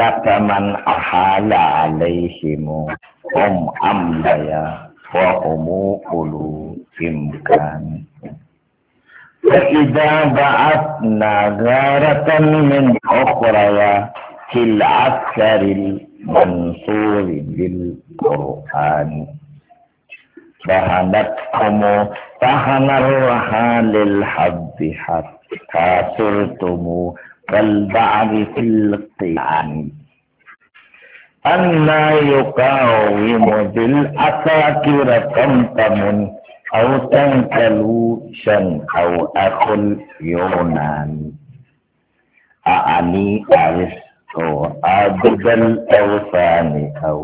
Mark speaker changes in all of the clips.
Speaker 1: Laqaman ahala alaihimu um ambaya wa umu ulu imkan. Fa'idha ba'atna gharatan min ukraya til asharil mansuri bil Qur'an. Bahanat kumu tahanar rahalil habbi hatta surtumu كالبعض في القيام أما يقاوم بالأساكر طمطم أو تنكلو شن أو أخو اليونان أعني أرسطو عبد الأوثان أو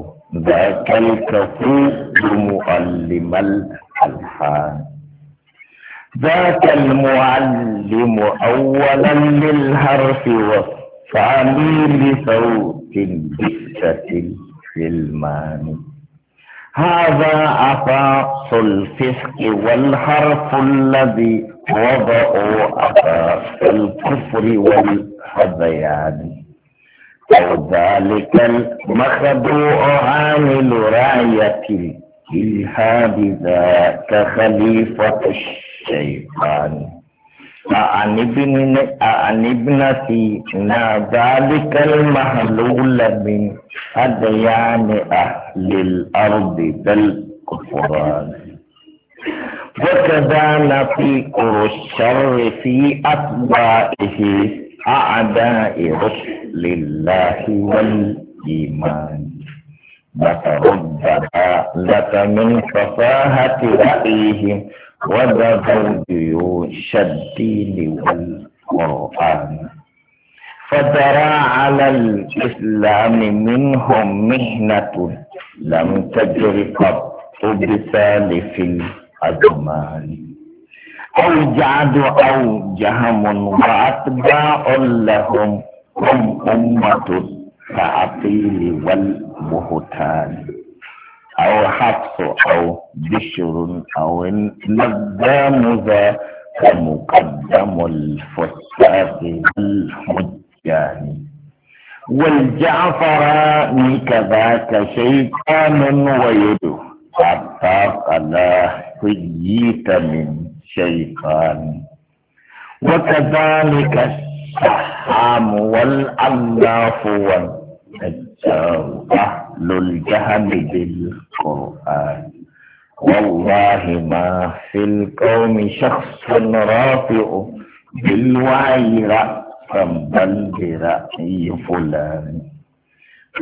Speaker 1: ذاك الكفوف مؤلم الألحان ذاك المعلم أولا للحرف والثاني لصوت بسة في المعنى هذا أساس الفسق والحرف الذي وضعوا أساس الكفر والحذيان أو ذلك المخدوع عامل راية الإلهاب ذاك خليفة الشيء الشيطان عن ابن عن ابنتي ذلك المهلول من أديان أهل الأرض بل كفران وكذا نطيق الشر في أتباعه أعداء رسل الله والإيمان لترد ضلالة من فصاحة رأيهم وذبوا جيوش الدين والقرآن فدرى على الإسلام منهم مهنة لم تجر قط بسالف الأزمان أوجعد أو جهم وأتباع لهم هم أمة التعطيل والبهتان أو حفص أو بشر أو نظام ذا ومقدم الفساد الحجان والجعفران كذاك شيطان ويده حتى قلا حييت من شيطان وكذلك الشحام والأناف والنجار ذو الجهل بالقرآن والله ما في القوم شخص رافع بالوعي رأسا بل برأي فلان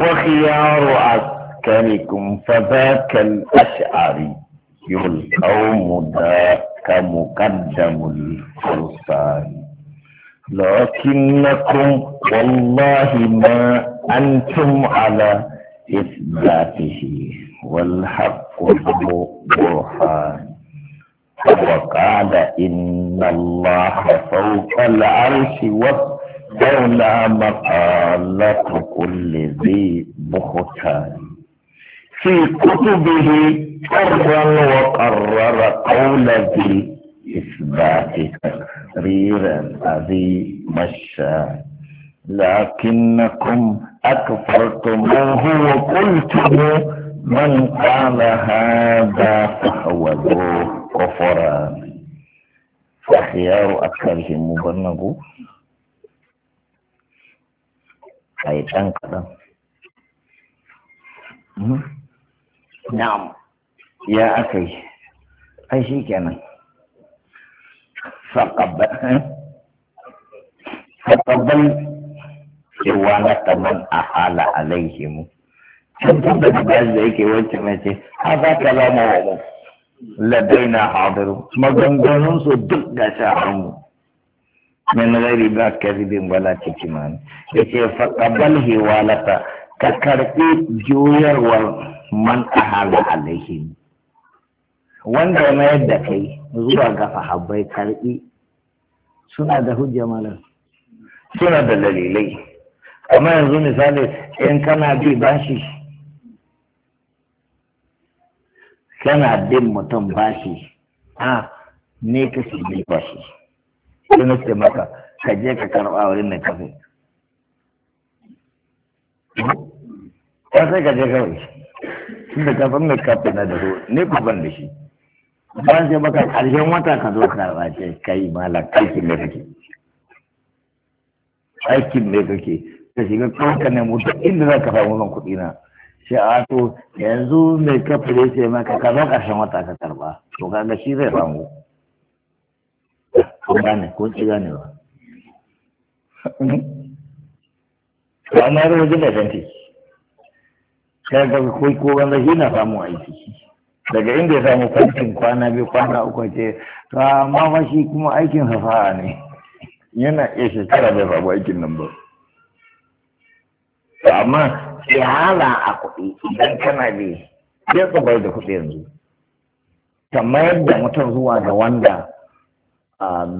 Speaker 1: وخيار عسكركم فذاك الأشعري يلقوم ذاك مقدم الفرسان لكنكم والله ما أنتم على إثباته والحق له برهان وقال إن الله فوق العرش والدولة مقالة كل ذي بختان في كتبه كرا وقرر قول ذي إثبات تقريرا أذي مشى لكنكم أكفرتموه وقلتم من قال هذا فهو ذو كفران فخيار أكثرهم مبنغو أي تنقل نعم يا أخي أي شيء كان فقبل فقبل iwanata man ahala mu can tun da bayan da yake wacce mai ce a za ka zama wa mu na hadiru maganganun su duk da ta hannu min ghairi ba ne wala ce yace bal qabal hiwalata ka karɓi juyarwar man a hala ahala mu wanda ya mayar da kai zuwa ga fahabbai karɓi. suna da hujja malar suna da dalilai amma yanzu misali in kana bi bashi kana bin mutum bashi a ne ka shi bi bashi sai na ce maka ka je ka karɓa wurin mai kafe ya sai ka je kawai shi da kafin mai kafe na da ruwa ne ku ban da shi ban sai maka ƙarshen wata ka zo karɓa ce kai malam aikin da kake aikin mai kake ka shiga kanka ne mutu inda za ka samu zan kuɗi na sai a to yanzu mai kafa da ce maka ka zo ƙarshen wata ka karba to kaga shi zai samu kun gane kun ce gane ba to na da wajen da kanti kaga kai ko banza shi na samu aiki daga inda ya samu kwantin kwana biyu kwana uku ce ta mafashi kuma aikin safa'a ne yana iya shekara bai samu aikin nan ba to amma hala a kuɗi idan kana bi zai tsabar da kuɗi yanzu ka mayar da mutum zuwa ga wanda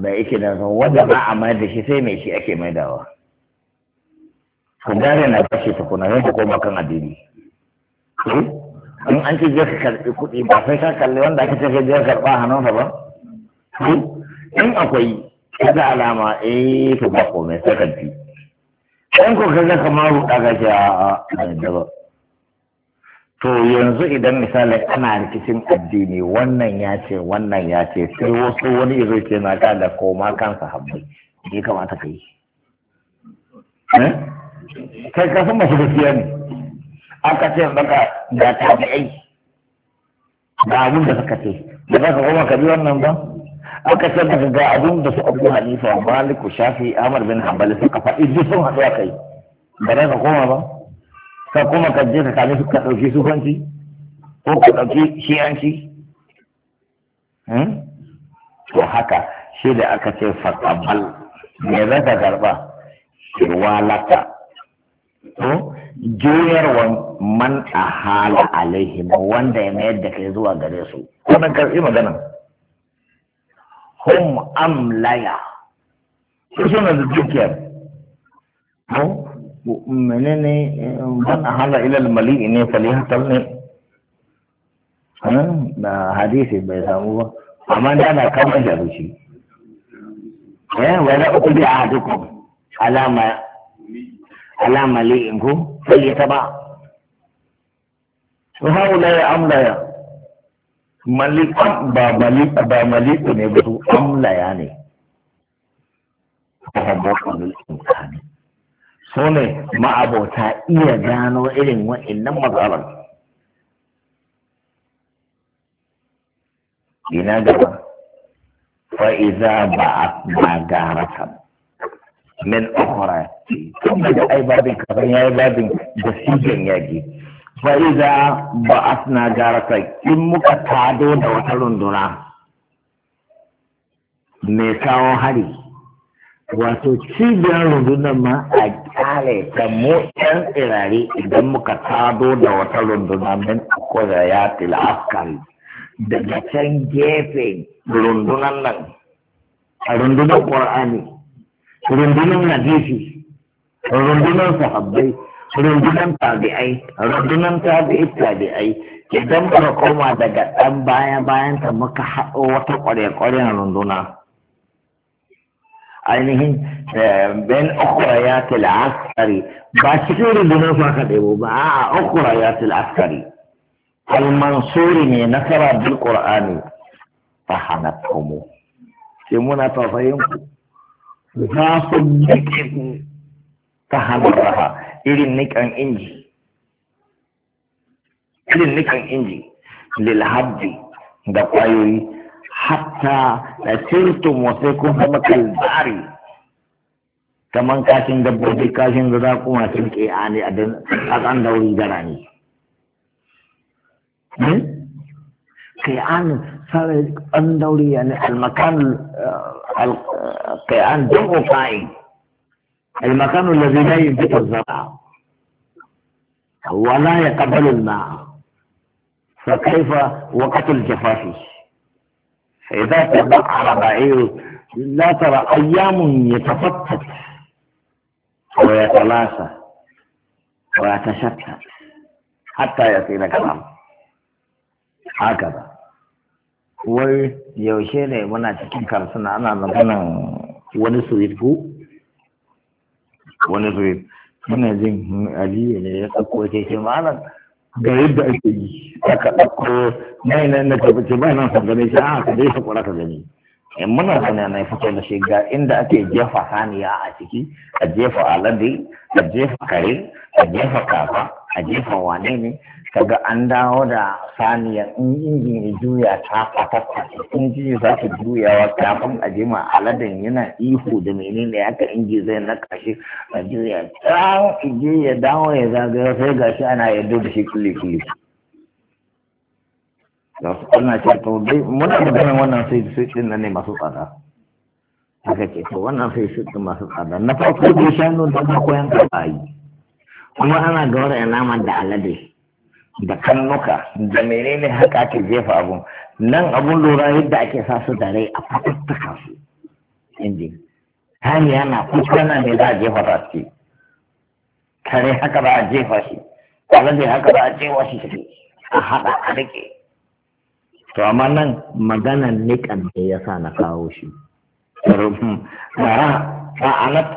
Speaker 1: mai yake da wanda ba a mayar da shi sai mai shi ake maidawa dawa. gane na shi ta kuna zai koma kan addini hmm? in an ce je ka karɓi kuɗi ba sai ka kalli wanda aka ce ka je karɓa hannunsa ba hmm? in akwai kada alama eh to ba komai sai ka in ko ka kamar ruɗa ga ce a a ba to yanzu idan misali ana rikicin addini wannan ya ce wannan ya ce sai wasu wani izo ke na ka da koma kansa habbai ne kamata ka yi eh? kai kasan masu gaskiya ne aka ce baka da tabi'ai ga abin da suka ce Ba za ka koma ka bi wannan ba aka san daga ga abin da su abu hanifa maliku shafi amar bin hanbali suka faɗi duk sun haɗu a kai ba za ka koma ba ka koma ka je ka kame su ka ɗauki sufanci ko ka ɗauki shi'anci hmm? to haka shi da aka ce fatabal me za ka karɓa walaka to juyarwan man a hala alaihim wanda ya mayar da kai zuwa gare su wannan karɓi maganan hum laya. su suna da dukiyar ko menene ban eh, ahala ilal mali ne falihatar ne na eh, hadisi bai samu ba amma da na kama da rushi eh wala ukudi ahadukum alama alama li in ko sai ta ba wa haula ya laya. malikan ba malika ba maliku ne ba su amlaya ne abokanul imkani su ne ma'abota iya gano irin wa'annan matsalar ina gaba fa'iza ba a magaratan min ukhra tun da ai babin kaban aibabin babin da sigen yaji fa'iza ba asna garata in muka tado da wata runduna mai kawo hari wato cibiyar rundunar ma a kyale ta mu yan tsirari idan muka tado da wata runduna min akwada ya askari daga can gefe rundunan nan a rundunar ƙwar'ani rundunar nadifi rundunar sahabbai rundunan tabi'ai rundunan tabi'i tabi'ai idan ba koma daga ɗan baya bayan ta muka haɗo wata ƙware-ƙware ƙwarya-ƙwarya runduna ainihin eh, ben ukura ya askari ba cikin rundunar su aka ɗebo ba a ukura ya askari almansuri ne nasara bil qur'ani fa hanatumu sai muna tafayin ku za su dake ku ta hanaraha irin nikan inji irin nikan inji lil haddi da kwayoyi hatta da sirtum wasai kun zama kalbari kaman kashin dabbobi kashin da za kuma sun ke a ne a kan dauri gara ne hmm? kai an sare an dauri ya ne almakan kai an jabo fa'in
Speaker 2: المكان الذي لا ينبت الزرع
Speaker 1: ولا يقبل الماء فكيف وقت الجفاف فإذا تبعر بعير لا ترى أيام يتفتت ويتلاشى ويتشتت حتى يصير كلام هكذا ويوشيني منا ne muna انا نظن ونسو يدفو wani zuwa muna jin aliyu ne ya ɗauko ke ke malam ga yadda ake yi aka ɗauko mai nan na tabbace ba nan san gane shi a ah, haka dai sakura ka gani in eh, muna sana na fito da shi ga inda ake jefa saniya a ciki a jefa alade a jefa kare a jefa kafa a jefa wane ne kaga an dawo da saniyar injin ya juya ta fatakwa in ji za ta juya wa kafin a jima aladen yana ihu da menene haka inji zai na kashi a juya ta inji ya dawo ya zagaya sai gashi ana yadda da shi kuli kuli za su kuna ce to dai muna maganin wannan sai su ɗin nan ne masu tsada haka ce to wannan sai su ɗin masu tsada na farko dai shanu da ma koyan ka ba yi kuma ana gauraya naman da alade da kannuka da menene haka ake jefa abun nan abun lura yadda ake sa su da rai a fatattaka su inji hali yana kuskana ne za a jefa ta ce kare haka ba a jefa shi alade haka ba a jefa shi a haɗa a rike to amma nan magana ne kan da ya sa na kawo shi ta anat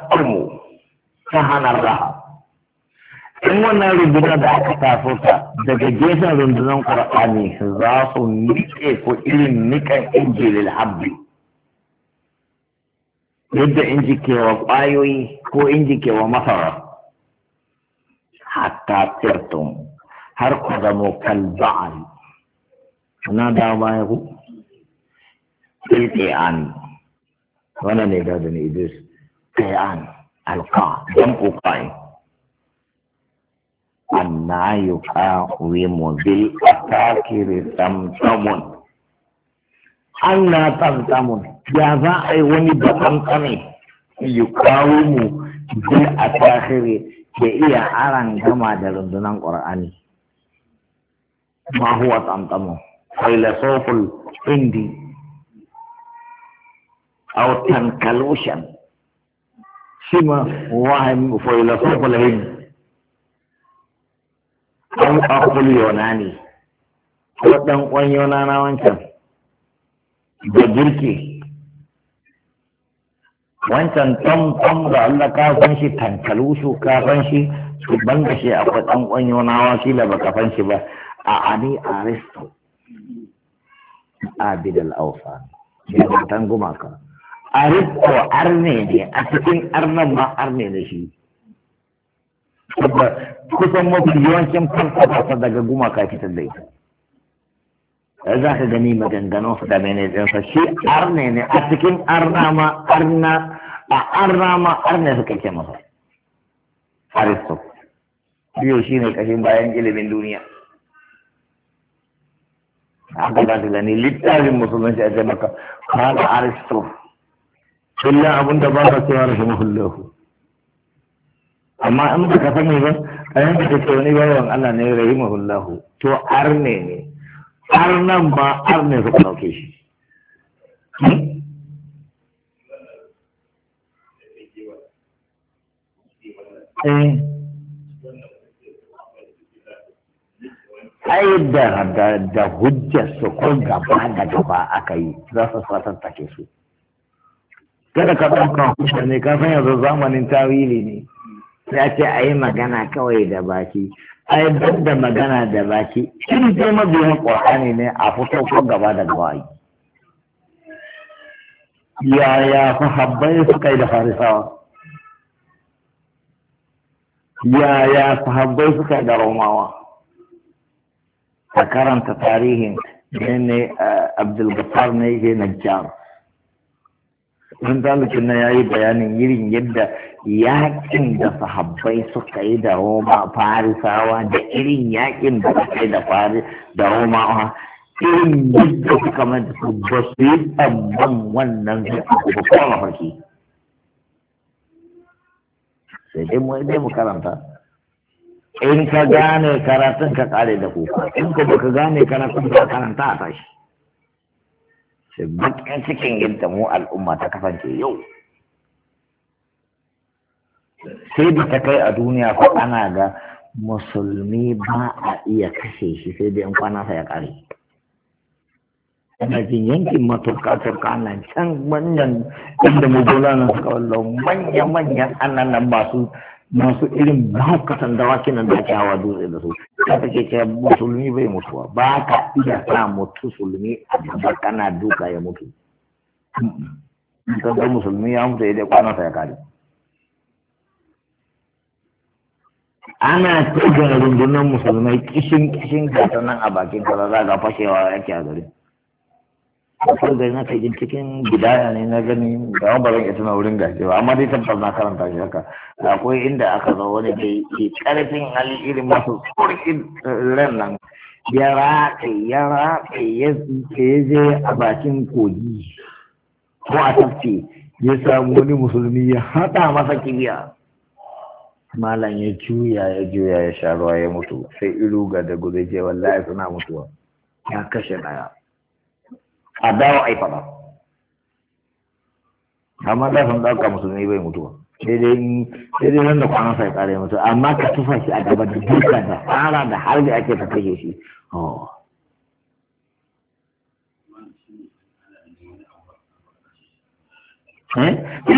Speaker 1: ta hana raha in wannan rundunar da aka taso ta daga gefen rundunar ƙur'ani za su nike ko irin nikan injilil habbi yadda inji kewa ƙwayoyi ko inji kewa masara hatta tirtum har ku zamo kalba'an na da baya ku tilke an wannan ne da idris kai an alka jam'u kai anna yuqawimu bil atakiri tamtamun anna tamtamun ya za a yi wani bakan kame yuqawimu bil atakiri ke iya aran gama da rundunan qur'ani ma huwa tamtamun filosoful hindi aw tankalushan shima wahem filosoful hindi an yona ne. ko ɗan ƙwan yona na wancan da girki wancan tam tam da Allah ka san shi tankalu su ka san shi su banga shi akwai yona wa shi kila baka san shi ba a ani aristo abidal awfan ya tangu maka aristo arne ne a cikin arnan ma arne ne shi kusan mafi yawancin farfasa daga gumaka fitar da ita za ka gani maganganun su da mene sa shi arne ne a cikin arnama arna a arnama arne suka ke masa aristo biyu shi ne kashin bayan ilimin duniya haka za ka gani littafin musulunci a ce kala aristo illa abin da ba ka cewa rashin hullahu amma in ka sani ba a yanzu da ke wani bawan Allah ne rahimahullahu to arne ne nan ba arne suka dauke shi hmm? eh. ai da da da hujjar su ko gaba da gaba aka yi za su fatan take su kada ka ɗauka hujja ne ka san yanzu zamanin tawili ne ya ce a yi magana kawai da baki a yi da magana da baki shi dai mabiyin ƙwarani ne a fito ko gaba da gaba yaya sahabbai suka yi da farisawa yaya sahabbai suka yi da romawa a karanta tarihin ne abdulgafar ne yake najjar sun talikin na ya yi bayanin irin yadda yakin da sahabbai suka yi da roma farisawa da irin yakin da suka yi da fari da romawa irin yadda suka manta su ba su yi tsamman wannan zai ba kuma mafarki sai dai mu dai mu karanta in ka gane karatun ka kare da kuka in ka baka gane karatun ka karanta a tashi sai bakin cikin yadda mu al'umma ta kasance yau sai ba ta kai a duniya ko ana ga musulmi ba a iya kashe shi sai dai in kwana sa ya kare ana jin yankin matuƙa turkanan can manyan inda mugula gola nan suka wallo manya manyan annan nan ba su masu irin mahaukatan dawaki nan da ake hawa dutse da su ta take ce musulmi bai mutuwa ba ka iya sa mutu sulmi a gaba kana duka ya mutu in musulmi ya mutu ya dai kwana sa ya kare ana tuga rundunar musulmai kishin kishin gata nan a bakin za ga fashewa yake a gari akwai gari na kai cikin gidaya ne na gani da wani bazan isa na wurin gashi ba amma dai tabbatar na karanta shi haka akwai inda aka zo wani da ke karfin hali irin masu tsorin ran nan ya rafe ya rafe ya je a bakin kogi ko a tafki ya samu wani musulmi ya haɗa masa kibiya malam ya juya ya juya ya sha ruwa ya mutu sai ga da je wallahi suna mutuwa ya kashe daya a dawo a yi fada amma da sun dauka musulmi bai mutuwa sai dai nan da kwana sai kare mutu amma ka tufa shi a gaba da duka da fara da har da ake ta kashe shi oh. Eh?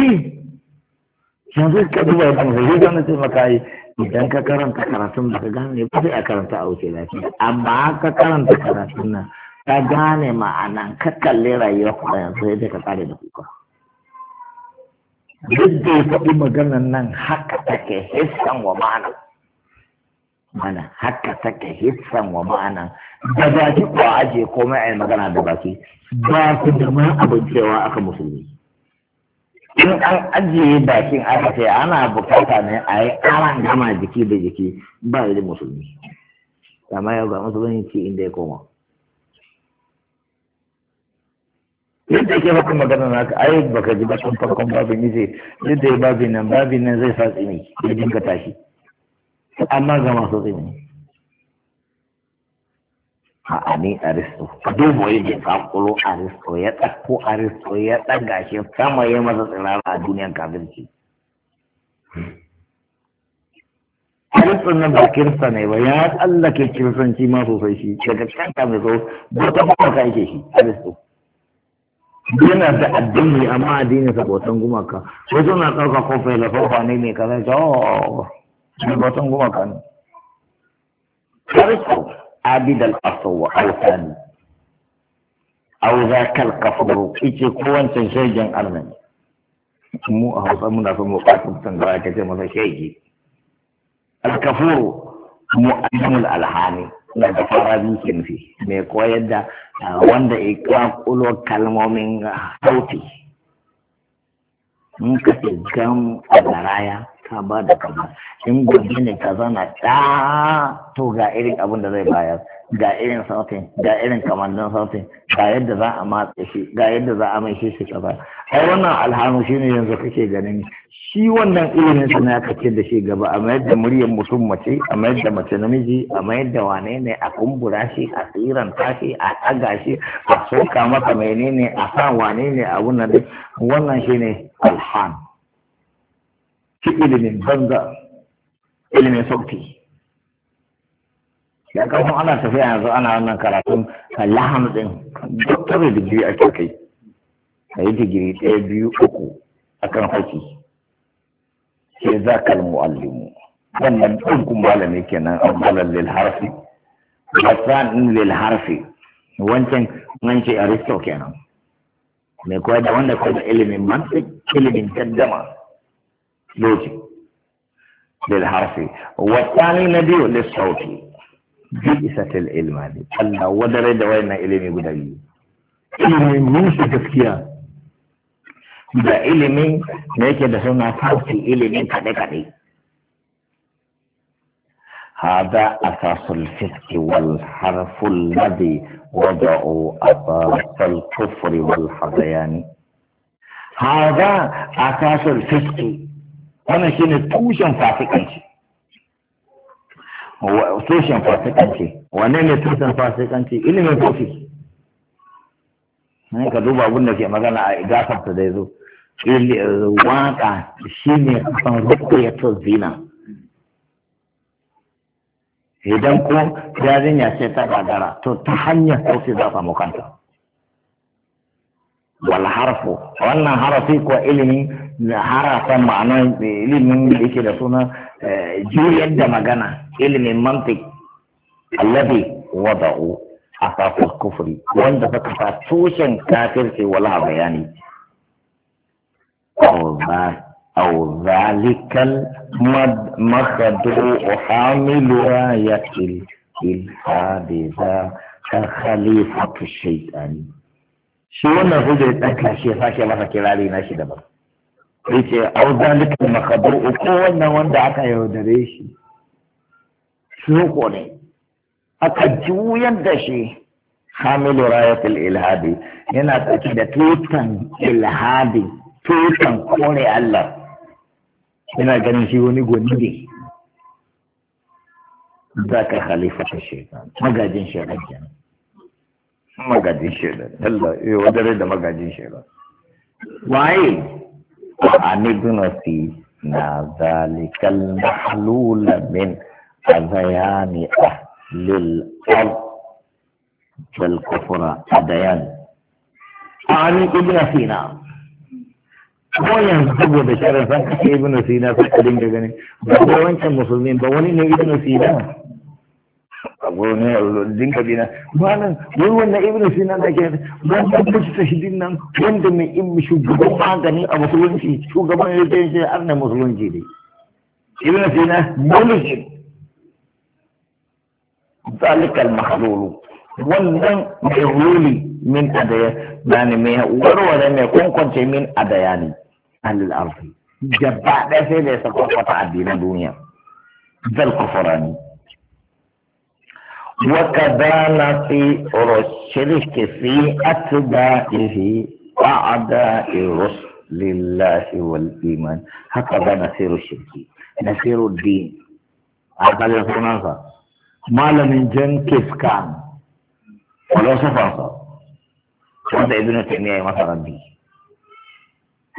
Speaker 1: yanzu ka duba yanzu zai zai na taimaka yi idan ka karanta karatun ba ka gane ba sai a karanta a wuce lafiya amma ka karanta karatun nan ka gane ma'ana, ka kalli rayuwa kuma yanzu sai dai ka kare da kuka duk da ya faɗi maganan nan haka take hissan wa ma'ana mana haka take hissan wa ma'ana da baki ko aje komai a magana da baki ba su da ma abin cewa aka musulmi in an ajiye bakin aka ce ana bukata ne a yi aran gama jiki da jiki ba da musulmi amma yau ga musulmi ce inda ya koma yadda yake baka magana naka ai baka ji bakin farkon babin yace yadda ya babin nan babin nan zai sa tsini ya dinka tashi amma ga masu tsini ha'ani aristo dubo yake kakulo aristo ya tsakko aristo ya tsaga shi sama ya masa tsirara a duniyan kafirci aristo na ba kirsa ne ba ya tsallake kirsanci ma sosai shi daga can kafin so ba ta ka yake shi aristo yana da addini amma addini sa bautan gumaka wasu na kofa ko failafa ne mai kanar jawo a bautan gumaka ne aristo عابد الأصو أوثاني أو ذاك الكفر إيجي كوان تنشيجا أرمني مو أهوصا منا في مقاتل تنغاية كما شيجي الكفور مؤلم الألحاني na da farabi kin fi mai koyar da wanda ya kwakulo kalmomin sauti in ka ce gan a garaya ka ba da kaza in gobe ne kaza na ta ah, to ga irin abin da zai bayar ga irin sautin ga irin kamannin sautin ga yadda za a matse shi ga yadda za a mai shi kaza ai wannan alhanu ne yanzu kake ganin shi wannan ilimin sa na kace da shi gaba a mayar da muryar mutum mace a mayar da mace namiji a mayar da wane ne a kumbura shi a tsiran tashi a ɗaga shi a soka masa menene a sa wane ne a wannan wannan ne. alhan ki ilimin banza ilimin sauti ya kafin ana tafiya yanzu ana wannan karatun lahan din doktorin digiri ake kai a yi digiri ɗaya biyu uku akan haki Ke za ka mu'allimu wannan ɗaukun malami kenan abdalan lil harfi wasan lil harfi wancan wancan aristo kenan mai koyar da wanda kuma ilimin mantik ilimin kaddama logic lil harfi wasani na biyu lil sauti bi isatil ilma ne Allah wadare da na ilimi guda biyu ilimin musu gaskiya da ilimin da yake da suna sauti ilimin kaɗe-kaɗe هذا أساس الفسق والحرف الذي وضعوا أساس الكفر والحضيان هذا أساس الفسق أنا شين توشن فاسقنشي توشن فاسقنشي ونين توشن فاسقنشي إلي من فاسقنشي ne ka duba abin da ke magana a gasar da ya zo waka shi ne kusan rukuyatul zina idan ko yarinya ce ta gagara to ta hanyar kofi za samu kanta wal harfu wannan harafi ko ilimi harafan ma'anar ilimin da yake da suna eh, juyar da magana ilimin mantik allabi wada'u asafin kufuri wanda suka sa tushen kafirci wala bayani ko أو ذلك المخد أحامل راية الإلحاد ذاك خليفة الشيطان شو نقول لك شيء فاشي ما فكر علينا شيء ده بس أو ذلك المخد أقول نوان ذاك يودريش شو قولي أكجويا دشي حامل راية الإلحادي هنا تجد توتن إلحادي توتن قولي الله ina ganin shi wani gwani ne za ka khalifa ta shaitan magajin shaitan kenan magajin shaitan Allah eh wadare da magajin shaitan waye ani duna fi na zalikal mahlula min azayani ahlil ard wal kufra adayan ani ibn sina ko yanzu saboda san kake ibn sina sai ka dinga ganin da wancan musulmi ba wani ne ibn sina abu ne dinka bina wai wannan ibn sina da ke mai shugaban magani a musulunci ne mai warware mai kwankwance min adaya ne عن الأرض جبع بس ليس قطع الدين الدنيا بل الكفران وكذلك الشرك في أتباعه أعداء رسل لله والإيمان هكذا نسير الشرك نسير الدين هكذا يكون ما لم ينجن كيف كان ولو سفر وانت ابن تيمية مثلا دي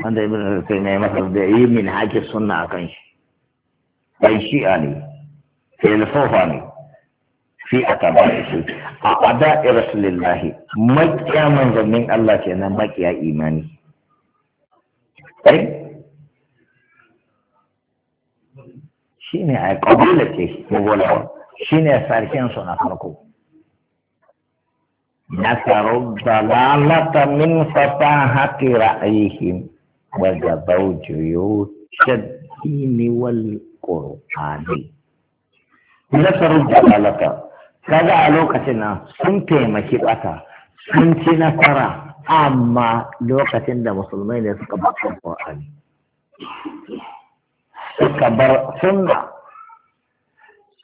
Speaker 1: wanda ibn al sai ya masa da yi min haƙi sunna a kan shi bai shi'a ne filosofa ne fi a tabarai su a ada irasulillahi makiya manzannin Allah ke nan makiya imani ai shi ne a ƙabila ce mugulawa shi ne sarkin su na farko نصروا الضلالة من فصاحة رأيهم وجبوا جيوش الدين والقرآن نصروا kaga a lokacin nan sun taimaki ɓata, sun ci nasara amma lokacin da musulmai ne suka bar Qur'ani suka bar sunna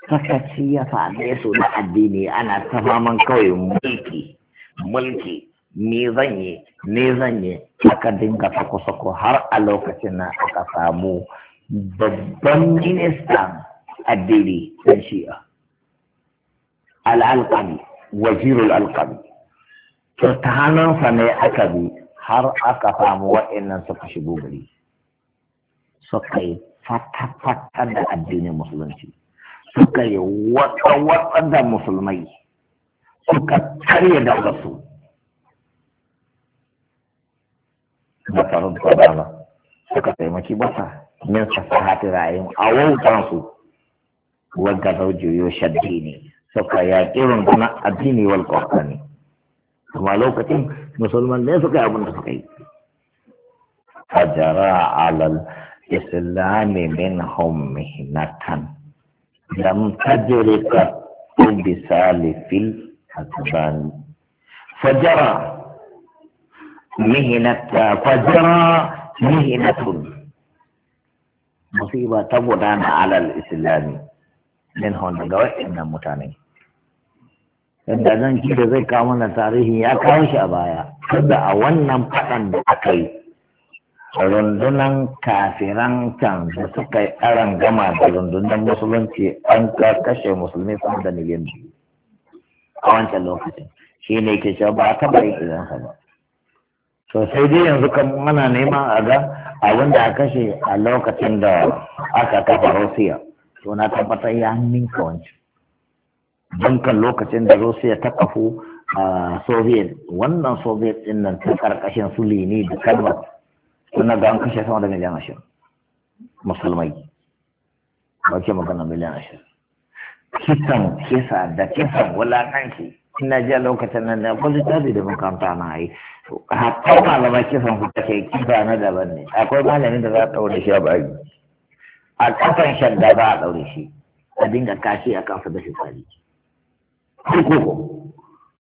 Speaker 1: sakaci ya faɗe su da addini ana ta faman kawai mulki mulki ni zan yi ni zan yi aka dinga sako-sako har a lokacin na aka samu babban ministan addini ɗan shi'a al'alƙami wazirul alƙami to ta hannunsa ne aka bi har aka samu waɗannan suka shigo gari suka yi fata-fata da addinin musulunci suka yi wata-wata da musulmai suka karya da wasu da faru da suka taimaki masa min fasahati ra'ayin a wautan su wanda zaujiyo shaddi ne suka yaƙi rundunar addini wal ne kuma lokacin musulman ne suka yi abin da suka yi fajara alal islami min mihnatan lam tajri qattu fil hasbani fajara mihinat eh, fajara mihinatun musiba ta gudana alal islami min hon daga waɗannan mutane yadda zan ki da zai kawo mana tarihi ya kawo shi a baya tunda a wannan faɗan da aka yi rundunan kafiran can da suka yi aran gama da rundunar musulunci an ka kashe musulmi sama da miliyan a wancan lokacin shi ne ke cewa ba a taɓa yin idan ba to sai dai yanzu kan mana nema a ga abin da a kashe a lokacin da aka kafa Rosiya to na tabbatar ya ninka wancan don kan lokacin da Rosiya ta kafu a Soviet wannan Soviet din nan ta karkashin su lini da kalmar suna ga an kashe sama da miliyan ashirin musulmai ba ke magana miliyan ashirin kisan kisa da kisan wulakanci ina jiya a lokacin nan da kwalita da makamta na yi hatta malamai kifin kuka take kifa na daban ne akwai malamin da za a ɗaure shi a bari a kafan shanda za a ɗaure shi a dinga kashi a kansa da fitsari kurkuku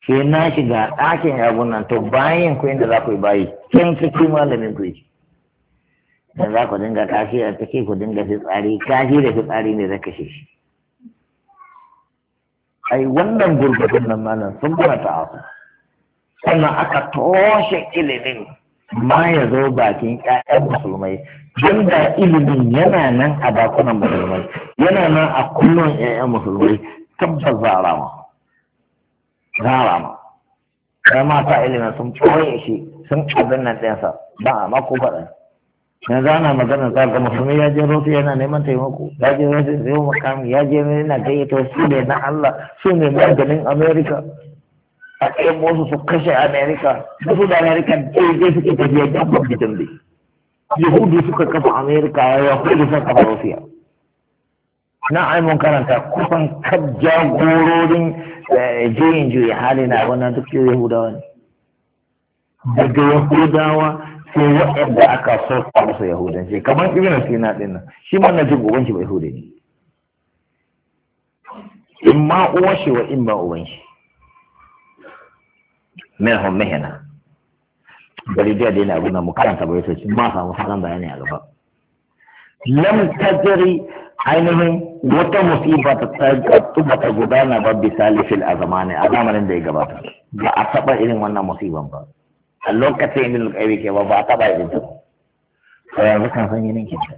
Speaker 1: shi na shiga ɗakin abun nan to bayan kuyin da za ku yi bayi kin ciki malamin ku yi da za ku dinga kashi a ciki ku dinga fitsari kashi da fitsari ne za ka shi shi. ai wannan gurbatun nan malam sun gana ta'afu sannan aka toshe ilimin ma ya zo bakin ƴaƴan musulmai don da ilimin yana nan a bakunan musulmai yana nan a kullum ƴaƴan musulmai tabbas za rama za rama kai mata ilimin sun tsoye shi sun abin nan ɗinsa ba a mako faɗa na zana magana za ga musulmi ya je rotu yana neman taimako ya je rotu zai makami ya je yana gayyato su ne na Allah su ne maganin Amerika a ɗebo su su kashe amerika su da amerika daidai suke tafiya gabar gidan dai yahudu suka kafa amerika yahudu suka kafa rufiya na aimun karanta kusan kab jagororin eh, juyin juya hali na wannan duk yahudawa ne daga yahudawa sai waɗanda aka so a musu yahudanci kamar ibn sina din nan shi ma na jin uban shi ba yahuda ne in ma uwan shi wa in ba uban minhum mihna bari da dai na guna mu karanta bai sai ma samu sanan bayani a gaba lam tajri ainihin wata musiba ta tsarkatu ta gudana ba bisali fil a zamanin a zamanin da ya gabata ba a taba irin wannan musiban ba a lokacin ibn ka yi ke ba ba a taba irin ta ba yanzu kan san yinin ke ta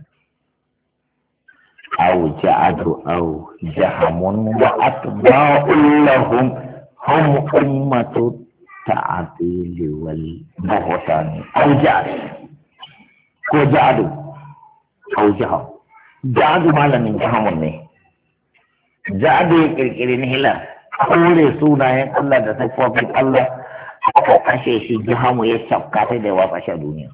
Speaker 1: aw ja'adu au jahamun wa atba'u hum ummatu التعطيل والبهتان أو جعل هو جعل أو جهل جعل ما لم ينتهم جعل كركرين هلا kore sunayen Allah da siffofin Allah aka kashe shi jihamu ya shafka sai da ya watsa duniya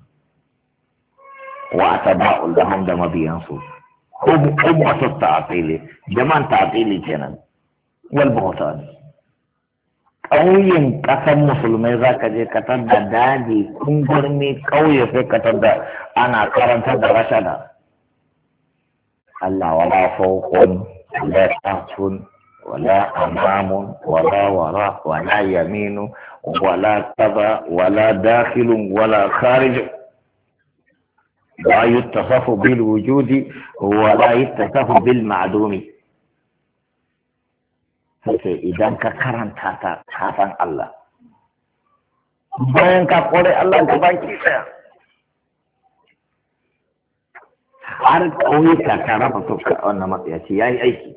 Speaker 1: wa ta ba'ul lahum da mabiyansu ko ko ta ta'tili jama'an ƙauyen ƙasar musulmai za ka je katar da daji kungurmi ƙauye sai katar da ana karanta da rashada Allah wala fawqun wala tahtun wala amamun wala wara wala yaminu wala taba wala dakhilun wala kharijun لا يتصف بالوجود ولا يتصف بالمعدوم sai idan ka karanta ta kafan Allah bayan ka kore Allah ka baki tsaya har ka ta raba tufka wannan matsayaci ya yi aiki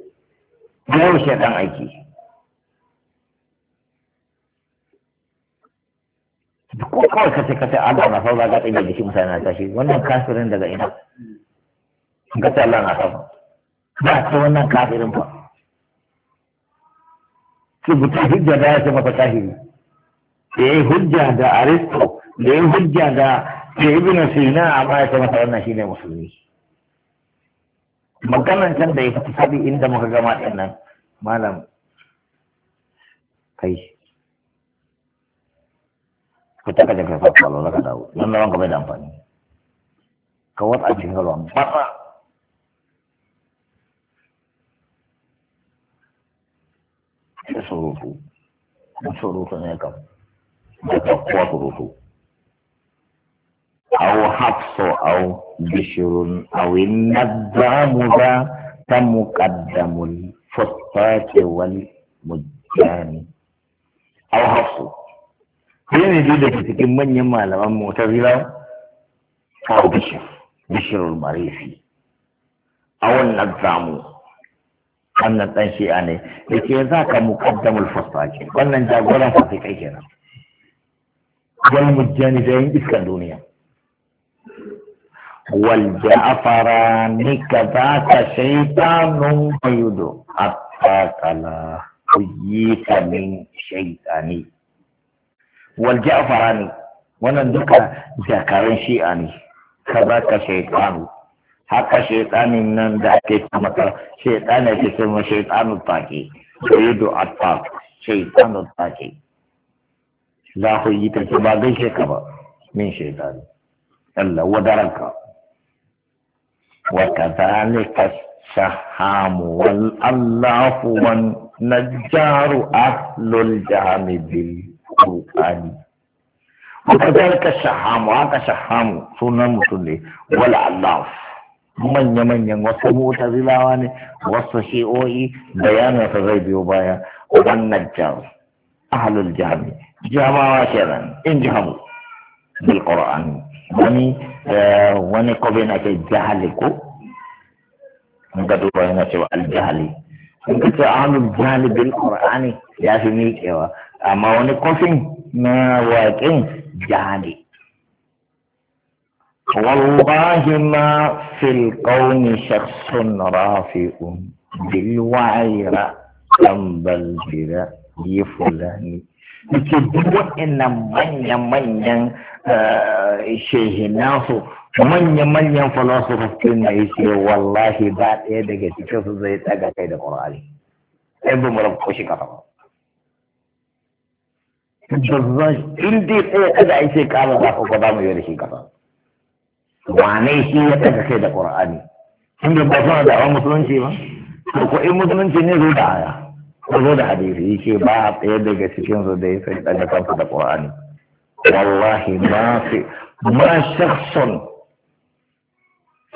Speaker 1: yau dan aiki ko kawai ka ce ka ce Allah na sauka ga tsaye da shi mutane na tashi wannan kafirin daga ina kace Allah na sauka ba ta wannan kafirin ba ki buta hujja da ya ce masa kahiri da ya yi hujja da aristo da ya yi hujja da ke ibn a amma ya ce masa wannan shi ne musulmi maganan can da ya fi sabi inda muka gama ɗin nan malam kai ku taka da kai fa kwallo ka dawo wannan wanka bai da amfani ka wata a cikin ruwan matsa surutu surutu ne kam daga kuwa surutu aw hafsu aw bishirun aw naddamu za ta muqaddamul fosfate wal mujani aw hafsu shi ne da daga cikin manyan malaman motar rila au bishir bishirul marifi awon naddamu wannan dan shi'a ne da ke za ka muqaddamul fasaki wannan jagoran fasikai kenan wal mujjani da yin iskan duniya wal ja'fara nika za ka shaytanun bayudu hatta kala kuyita min shaytani wal ja'fara ne wannan duka jakarun shi'a ne ka za ka shaytanu haka shaitanin nan da ake maka shaitan yake ce ma shaitanu taki yudu atta shaitanu take la yi ta ba shi ka ba min shaitani Allah wadaranka wa kadhalika sahamu wal allahu wan najjaru ahlul jahami bil qur'ani وكذلك الشحام وهذا شحام سنة مسلمة ولا الله manya-manyan wasu mutazilawa ne wasu shi'o'i ta zai biyo baya wannan jam ahlul jami jamawa kenan in ji hamu bil qur'an wani wani kobe na ke jahali ko in ka duba yana cewa al jahali in ka ce ahlul jahali bil qur'ani ya fi miƙewa amma wani kofin na waƙin jahali والله ما في الكون شخص رافع بالوعي رأسا بل برأي فلان yake duk waɗannan manya-manyan shehinansu manya-manyan falosofin na yi yake wallahi ba ɗaya daga cikin su zai tsaga kai da ƙwararri sai ba mu rabu shi kafa ba in dai tsaye kada ake kama za ku ba mu yi da shi kafa wane shi ya daga kai da qur'ani inda ba suna da awon musulunci ba to ko in musulunci ne zo da aya ko zo da hadisi yake ba a tsaye daga cikin su da ya sai daga kansu da qur'ani wallahi ma fi ma shakhsun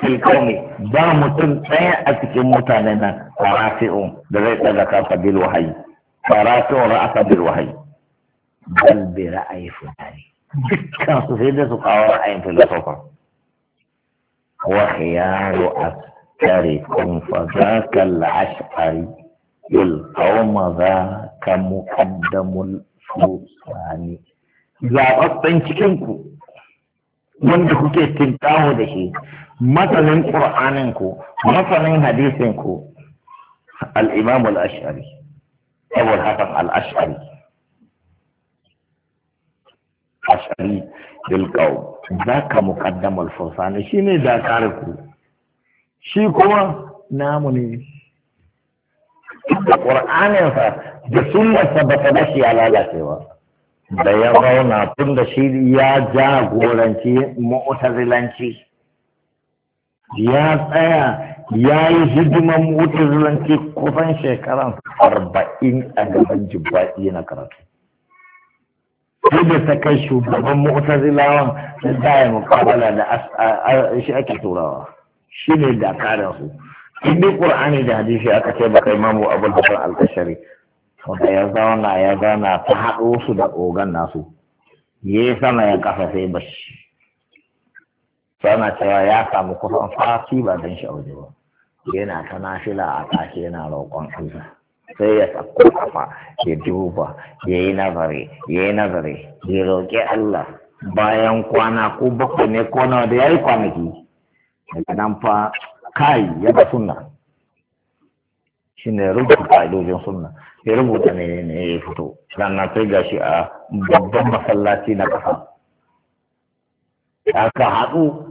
Speaker 1: fil ba mutum ɗaya a cikin mutanen nan rafi'un da zai daga kansa bil wahayi rafi'un ra'asa bil wahayi bal bi ra'ayi fulani dukkan su sai da su kawo ra'ayin filosofa وخيار أسكركم فذاك العشعر يلقوم ذاك مقدم الفرسان زابط تنشكنكو من دخوكي تنتاهو دهي مثلا قرآننكو مثلا حديثنكو الإمام الأشعري أبو الحسن الأشعري ashari bilkau za ka muƙaddamar fursani shi ne ku. shi kuma namu ne da ƙur'aninsa da sunnarsa ba ta bashi ya lalacewa da ya zauna tun da shi ya jagoranci mu'tazilanci ya tsaya ya yi hidiman mu'tazilanci kusan shekaran arba'in a gaban jibba'i na karatu yadda ta kai shugaban mu'tazilawa da daya mukabala da shi ake turawa shi ne karin su in qur'ani da hadisi aka ce baka imamu abul hasan al-kashari wanda ya zauna ya zauna ta haɗo su da ogan nasu ya yi sama ya kafa sai bashi sana cewa ya samu kusan fasi ba don shi a waje ba yana ta nafila a ƙashe yana roƙon Allah sai ya sako kafa ya duba ya yi nazari ya yi nazari ya roƙi Allah bayan kwana ko bakwai ne ko nawa da ya yi kwanaki daga nan fa kai ya ga sunna shi ne rubuta ƙa'idojin sunna ya rubuta ne ne ya fito na sai gashi a babban masallaci na ƙasa ka haɗu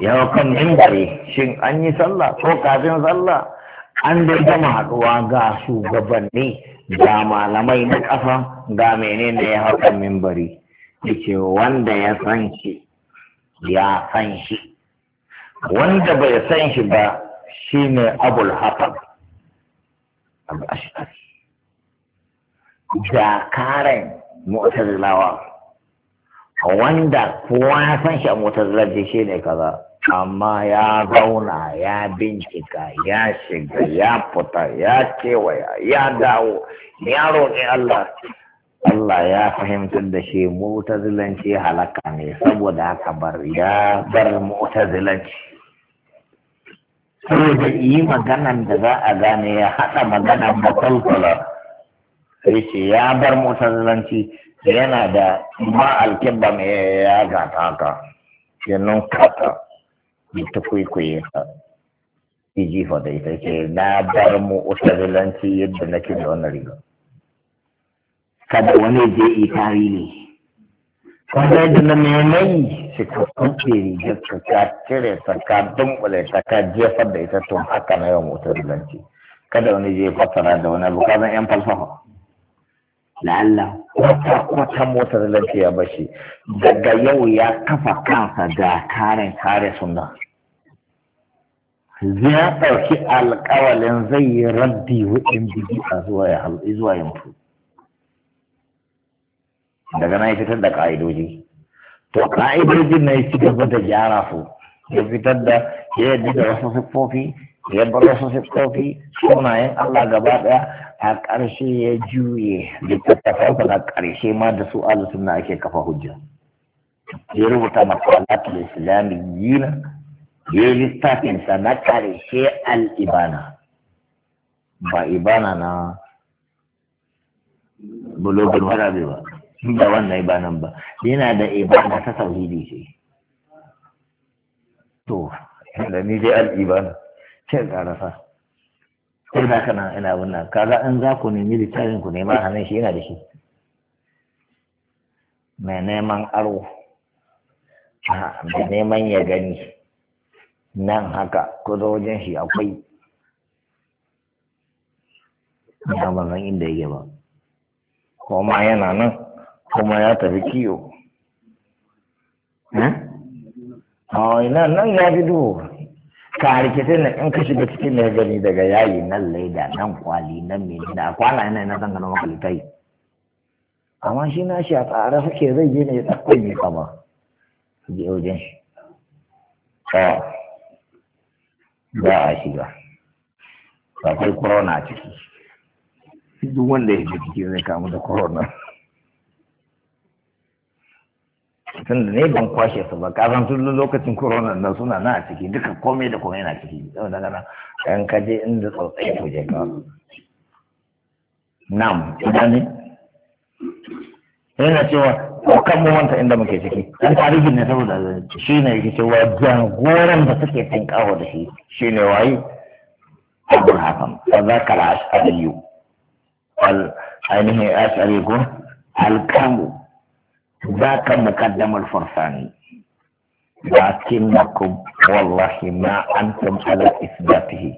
Speaker 1: yau kan mimbari shin an yi sallah ko kafin sallah an dai gama haɗuwa ga shugabanni ga malamai na ƙasa ga menene ya haka mimbari yace wanda ya san shi ya san shi wanda bai san shi ba ne abul hasan da karen jakaran mu'tazilawa wanda kowa ya san shi a mu'tazilar shi ne kaza amma ya zauna ya bincika ya shiga ya fita ya kewaya ya dawo yaro ne Allah Allah ya fahimtar da shi mu'tazilanci halaka ne saboda haka bar ya bar mu'tazilanci saboda yi maganan da za a gane ya haɗa maganan matsalkwala sai ce ya bar mu'tazilanci yana da ma alkibba mai ya gata haka kata ta kwaikwaye sa iji jifa da ita ce na bar mu ustazilanci yadda nake da wannan riga kada wani je yi tarihi kuma yadda na menai shi ka kuke rigar ka ka cire ta ka dumbule ta ka jefar da ita tun haka na yawan ustazilanci kada wani je kwatara da wani bukatan yan falsafa lalla wata mota motar lafiya ba shi daga yau ya kafa kansa da karin kare suna ya ɗauki alƙawalin zai yi raddi wuɗin bigi a zuwa ya mutu daga na fitar da ƙa'idoji to ƙa'idojin na ya ci gaba da gyara su ya fitar da ya yi da wasu siffofi ya bar wasu suna sunayen Allah gaba daya a ƙarshe ya juye littattafansa na ƙarshe ma da su alu suna ake kafa hujja ya rubuta masalatul islamiyyin ya yi littafinsa na ƙarshe al'ibana ba ibana na bulogun warabe ba da wannan ibanan ba yana da ibana ta tauhidi ce to da ni dai al'ibana sai ƙarasa sai da kana ina wannan kaga in za ku nemi littafin ku nema hannun shi yana da shi mai neman aro mai neman ya gani nan haka ko da wajen shi akwai ya ba nan inda yake ba ma yana nan kuma ya tafi kiyo eh? a ina nan ya fi duhu ka rikice na in ka shiga cikin mai gani daga yayi nan laida nan kwali nan mene da kwana ina ina zan gano maka amma shi na shi a tsara suke zai je ne ya tsakko kama su je wajen shi ba a shiga ba kai corona ciki duk wanda ya shiga ciki zai kamu da corona tun da ne ban kwashe su ba kasan tun lokacin corona nan suna na a ciki duka komai da komai na ciki yau daga gana ɗan kaje inda tsautsai ko je ka nam ina ne yana cewa kan mu wanta inda muke ciki dan tarihi ne saboda shi ne yake cewa jagoran da suke cin kawo da shi shi ne waye abu hakan fa zakara ashariyu al ainihin ashariyu al kamu ba ka mukaddamar farfani ba kin na kun wallahi ma an tun ala isbatihi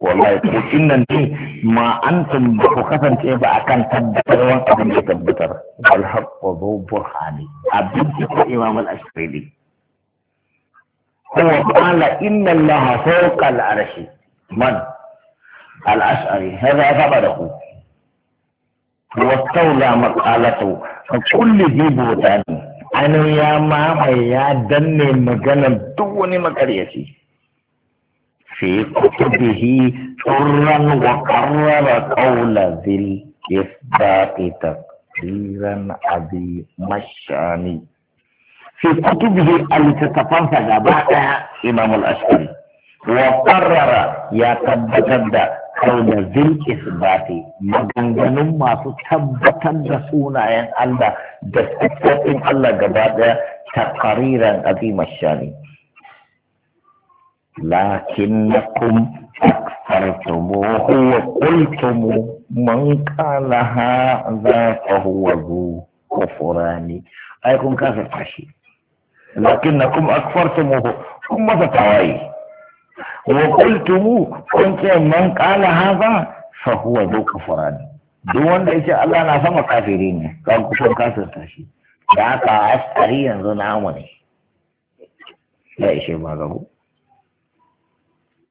Speaker 1: wallahi ko innan ne ma an tun ku kasance ba akan tabbatar wa abin da tabbatar wal haqqu bi burhani abin da ko imam al asqali
Speaker 2: huwa qala
Speaker 1: inna allaha fawqa al arshi man al ashari wastaula matsalatu kulli bi ni. ainihin ya mamaye ya danne maganar duk wani makaryaci fi kutubihi turran wa qarrara qawla zil isbati takdiran abi mashani fi kutubihi al-tatafansa gaba daya imam al-ashari wa ya tabbatar da قول ذي إثباتي مغنغنون ما تتبتن رسولا عن الله دستكتن الله قبادة تقريرا عظيم الشان لكنكم أكثرتموه وقلتم من قال هذا فهو ذو كفران أيكم كافر قشي لكنكم أكفرتموه ثم تتعويه kun ce من kala haza? فهو ذو كفران duk wanda yake Allah na sama kafiri ne kan kusan kafirta shi da haka asari yanzu namu ne ya ishe magabu